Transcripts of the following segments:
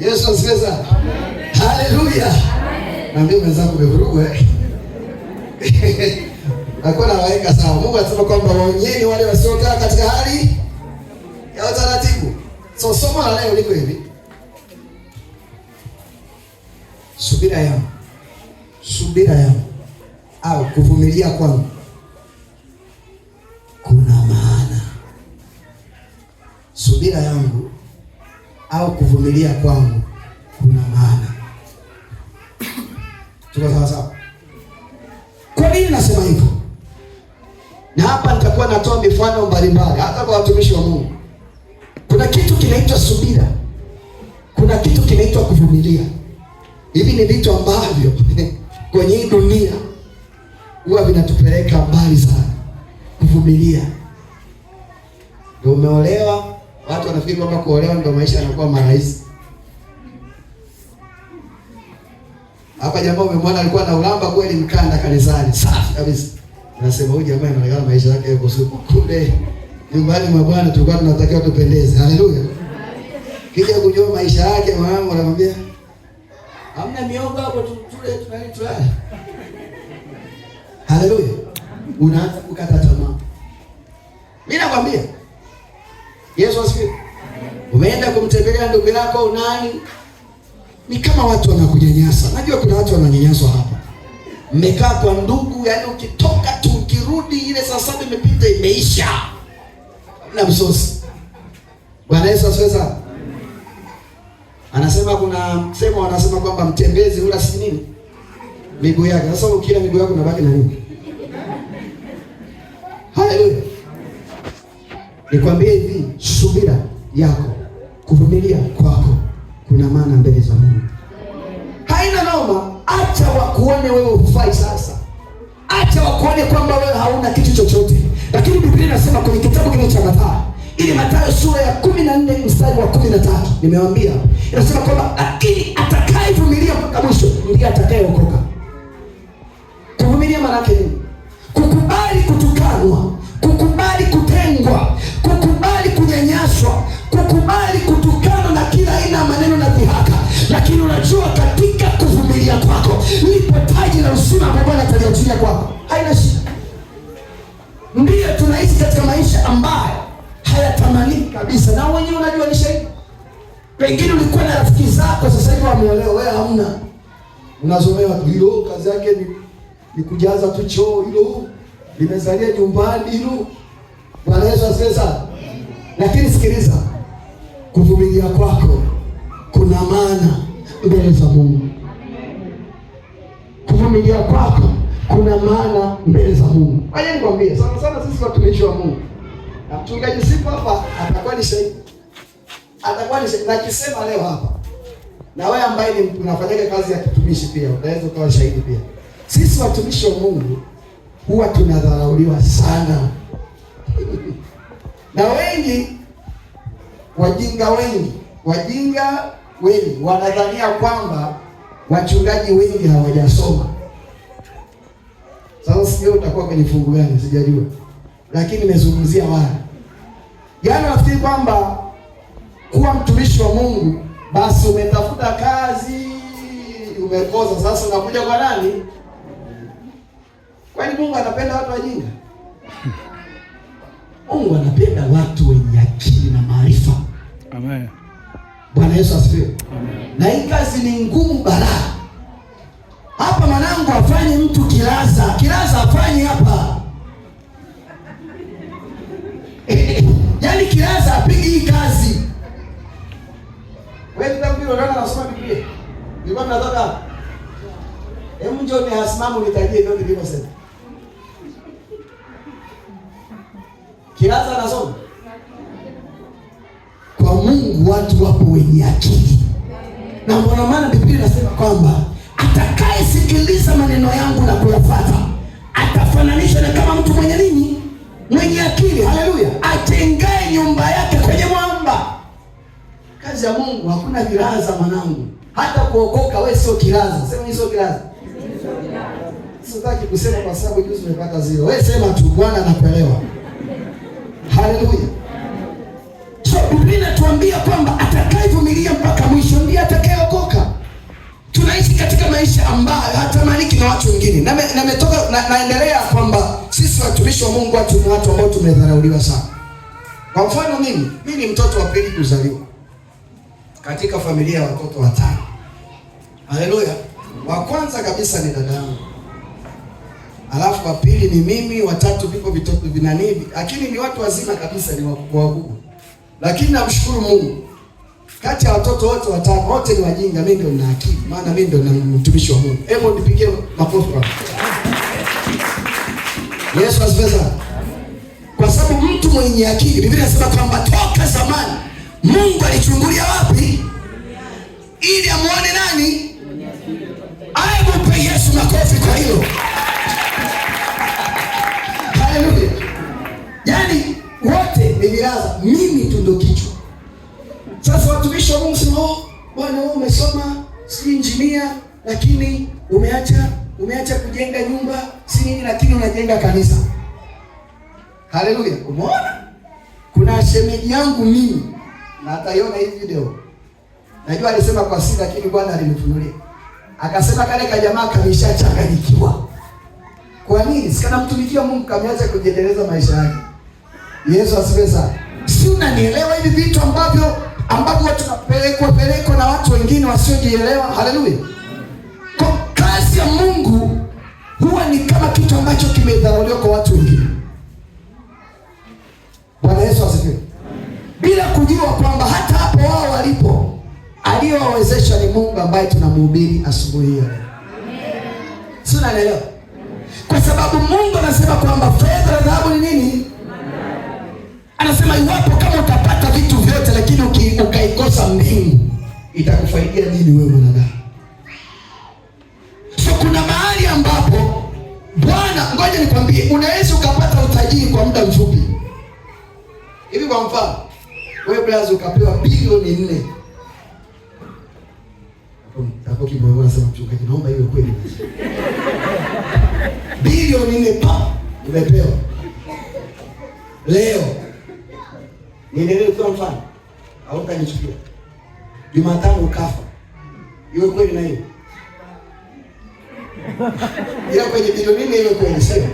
Yesu asifiwe sana. Haleluya. Na mimi mwenzangu nimevurugwa eh. Nakuwa sawa. Mungu anasema kwamba waonyeni wale wasiokaa katika hali ya utaratibu. So somo la leo liko hivi. Subira yangu. Subira yangu au kuvumilia kwangu kuna maana. Subira yangu au kuvumilia kwangu kuna maana. Tuko sawa sawa? Kwa nini nasema hivyo? Na hapa nitakuwa natoa mifano mbalimbali hata kwa watumishi wa Mungu. Kuna kitu kinaitwa subira, kuna kitu kinaitwa kuvumilia. Hivi ni vitu ambavyo kwenye hii dunia huwa vinatupeleka mbali sana. Kuvumilia, umeolewa Watu wanafikiri kwamba kuolewa ndio maisha yanakuwa marahisi. Hapa jamaa umemwona alikuwa na ulamba kweli, mkanda kanisani safi kabisa. Anasema huyu jamaa anaelewa maisha yake yuko siku kule. nyumbani mwa Bwana tulikuwa tunatakiwa tupendeze. Haleluya. Kija kujua maisha yake mwanangu anamwambia hamna mioga hapo tule tunali tulale. Haleluya. Unaanza kukata tamaa. Mimi nakwambia Yesu asifiwe. Umeenda kumtembelea ndugu yako unani Ni kama watu wanakunyanyasa. Najua kuna watu wananyanyaswa hapa. Mmekaa kwa ndugu, yaani ukitoka tu ukirudi ile saa saba imepita imeisha. Na msosi. Bwana Yesu asifiwe. Anasema kuna sema wanasema kwamba mtembezi hula si nini? Miguu yake. Sasa ukila miguu yako unabaki na nini? Haleluya. Nikwambie hivi, subira yako, kuvumilia kwako kuna maana mbele za Mungu. Haina noma, acha wakuone wewe ufai sasa, acha wakuone kwamba wewe hauna kitu chochote, lakini Biblia inasema kwenye kitabu kile cha Mathayo ile Mathayo sura ya kumi na nne mstari wa kumi na tatu nimewambia, inasema kwamba lakini atakayevumilia mpaka mwisho ndiye atakayeokoka. Kuvumilia maana yake nini? Kukubali kutukanwa, kukubali kutengwa ataliachilia kwako. Lipo taji la uzima ambao Bwana ataliachilia kwako, haina shida. Ndiyo tunaishi katika maisha ambayo hayatamani kabisa, na wenyewe unajua ni shahidi. Pengine ulikuwa na rafiki zako, sasa hivi wameolewa, wewe hamna, unazomewa hilo. Kazi yake ni, ni kujaza tu choo hilo, limezalia nyumbani hilo. Bwana Yesu asifiwe. Lakini sikiliza, kuvumilia kwako kuna maana mbele za Mungu familia kwako kuna maana mbele za Mungu. Kwa hiyo nikwambie, sana sana sisi watumishi wa Mungu na mchungaji sipo hapa, atakuwa ni shahidi, atakuwa ni shahidi nakisema leo hapa, na wewe ambaye ni unafanyaga kazi ya kitumishi pia unaweza ukawa shahidi pia. Sisi watumishi wa Mungu huwa tunadharauliwa sana na wengi, wajinga wengi, wajinga wengi wanadhania kwamba wachungaji wengi hawajasoma sasa sijui utakuwa kwenye fungu gani, sijajua, lakini nimezungumzia wale, yaani nafikiri kwamba kuwa mtumishi wa Mungu, basi umetafuta kazi umekosa, sasa unakuja kwa nani? Kwani Mungu anapenda watu wajinga? Mungu anapenda watu wenye akili na maarifa. Amen. Bwana Yesu asifiwe. Amen. Na hii kazi ni ngumu balaa hapa mwanangu, afanye mtu kilaza kilaza afanye hapa yaani kilaza apige hii kazi. Wewe kitabu nasoma ni anasoma kwa Mungu, watu wapo wenye akili, na ndio maana Biblia inasema kwamba atakayesikiliza maneno yangu na kuyafuata atafananisha na kama mtu mwenye nini, mwenye akili. Haleluya! ajengaye nyumba yake kwenye mwamba. Kazi ya Mungu hakuna kilaza, mwanangu. Hata kuokoka wewe sio kilaza. Sema ni sio kilaza. Sitaki kusema kwa sababu juzi nimepata zero. Wewe sema tu, Bwana anakuelewa. Haleluya. So Biblia inatuambia kwamba atakayevumilia mpaka mwisho ndiye atakaye tunaishi katika maisha ambayo hatamaniki na watu wengine, na nimetoka na, naendelea kwamba sisi watumishi wa Mungu watu ni watu ambao tumedharauliwa sana. Kwa mfano mimi, mimi ni mtoto wa pili kuzaliwa katika familia ya watoto watano. Haleluya! Wa kwanza kabisa ni dada yangu, alafu wa pili ni mimi, watatu vipo vitoto vinanivi, lakini ni watu wazima kabisa, ni wakubwa wakubwa, lakini namshukuru Mungu kati ya watoto wote watano wote ni wajinga, mimi ndio nina akili, maana mimi ndio na mtumishi wa Mungu. Hebu nipigie makofi kwa Yesu asifiwe Kwa sababu mtu mwenye akili, Biblia inasema kwamba toka zamani Mungu alichungulia wapi ili amuone nani? Hebu pe Yesu makofi kwa hilo. mfano wewe umesoma si injinia, lakini umeacha umeacha kujenga nyumba si nini, lakini unajenga kanisa. Haleluya! Umeona, kuna shemeji yangu mimi na ataiona hii video, najua alisema kwa siri, lakini Bwana alinifunulia akasema, kale kajamaa kameshachanganyikiwa. Kwa nini sikana mtumikia Mungu kameacha kujiendeleza maisha yake? Yesu asifiwe sana. Si unanielewa hivi vitu ambavyo watu napelekwa pelekwa na watu wengine wasiojielewa. Haleluya! Kwa kazi ya Mungu huwa ni kama kitu ambacho kimedharauliwa kwa watu wengine. Bwana Yesu asifiwe. Bila kujua kwamba hata hapo wao walipo aliyowawezesha ni Mungu ambaye tunamhubiri asubuhi hiyo. Si unanielewa? Kwa sababu Mungu anasema kwamba fedha na dhahabu ni nini? Anasema iwapo ukaikosa mbingu itakufaidia nini wewe mwanadamu? So kuna mahali ambapo Bwana, ngoja nikwambie, unaweza ukapata utajiri kwa muda mfupi hivi. Kwa mfano wewe blaza, ukapewa bilioni nne hapo nasema mchungaji, naomba iwe kweli bilioni nne pa umepewa leo, niendelee mfano hautanichukia. Jumatano ukafa, iwe kweli na hiyo ila kwenye video mimi iwe kweli, sio?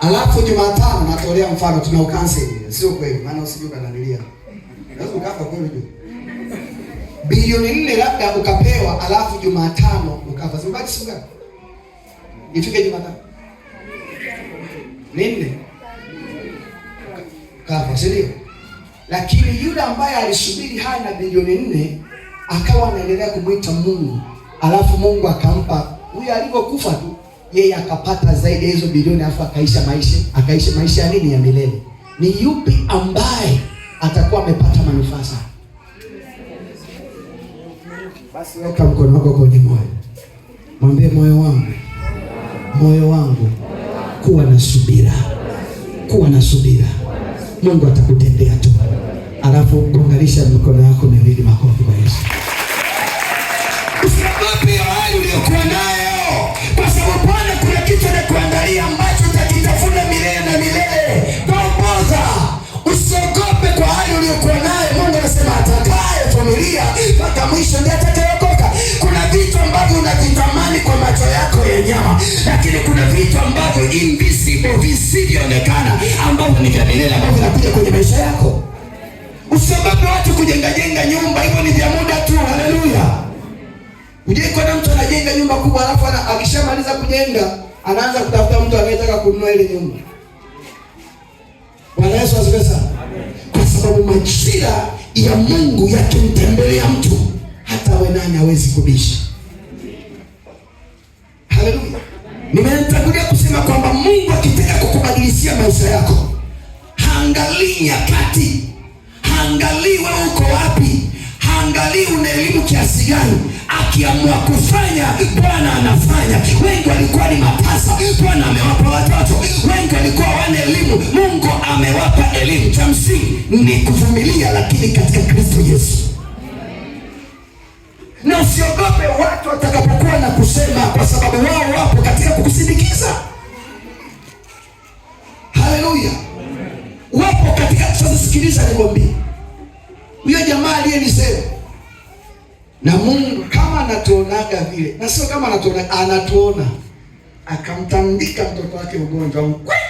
Alafu Jumatano natolea mfano, tuna ukanseli, sio kweli, maana usijue kananilia, lazima ukafa kweli juu bilioni nne labda ukapewa, alafu Jumatano ukafa, sibaki siku ngapi? Ifike Jumatano nne kafa, si ndio? Lakini yule ambaye alisubiri haya na bilioni nne akawa anaendelea kumwita Mungu, alafu Mungu akampa huyo, alivyokufa tu yeye akapata zaidi ya hizo bilioni, alafu akaisha maisha akaisha maisha ya nini? Ya milele. Ni yupi ambaye atakuwa amepata manufaa sana? Basi weka mkono wako kwenye moyo, mwambie moyo wangu, moyo wangu, kuwa na subira, kuwa na subira Mungu atakutendea tu. Alafu gonganisha mikono yako miwili makofi kwa Yesu. Usiogope hiyo hali uliyokuwa nayo, kwa sababu Bwana kuna kitu anakuandalia ambacho utakitafuna milele na milele. Kaongoza, usiogope kwa hali uliyokuwa nayo. Mungu anasema atakaye familia mpaka mwisho ndiye atakayeokoka. Kuna vitu ambavyo unavitamani kwa macho yako ya nyama, lakini kuna vitu ambavyo invisible, visivyoonekana kutumika milele ambavyo inakuja kwenye maisha yako. Usisababu watu kujenga jenga nyumba, hivyo ni vya muda tu. Haleluya! Ujai kuona mtu anajenga nyumba kubwa, alafu akishamaliza kujenga anaanza kutafuta mtu anayetaka kununua ile nyumba. Bwana Yesu asifiwe sana, kwa sababu majira ya Mungu yakimtembelea mtu hata we nani hawezi kubisha. Haleluya! Nimetangulia kusema kwamba Mungu akitaka kukubadilishia maisha yako haangalii nyakati, haangalii wewe uko wapi, haangalii una elimu kiasi gani. Akiamua kufanya, Bwana anafanya. Wengi walikuwa ni mapasa, Bwana amewapa watoto. Wengi walikuwa wana elimu, Mungu amewapa elimu. Cha msingi ni kuvumilia, lakini katika Kristo Yesu. Na usiogope watu watakapokuwa na kusema, kwa sababu wao wapo katika kukusindikiza. Haleluya! sikiliza, nikwambie huyo jamaa aliyenisema na Mungu kama anatuonaga vile, na sio kama anatuona, anatuona, akamtandika mtoto wake ugonjwa mkwe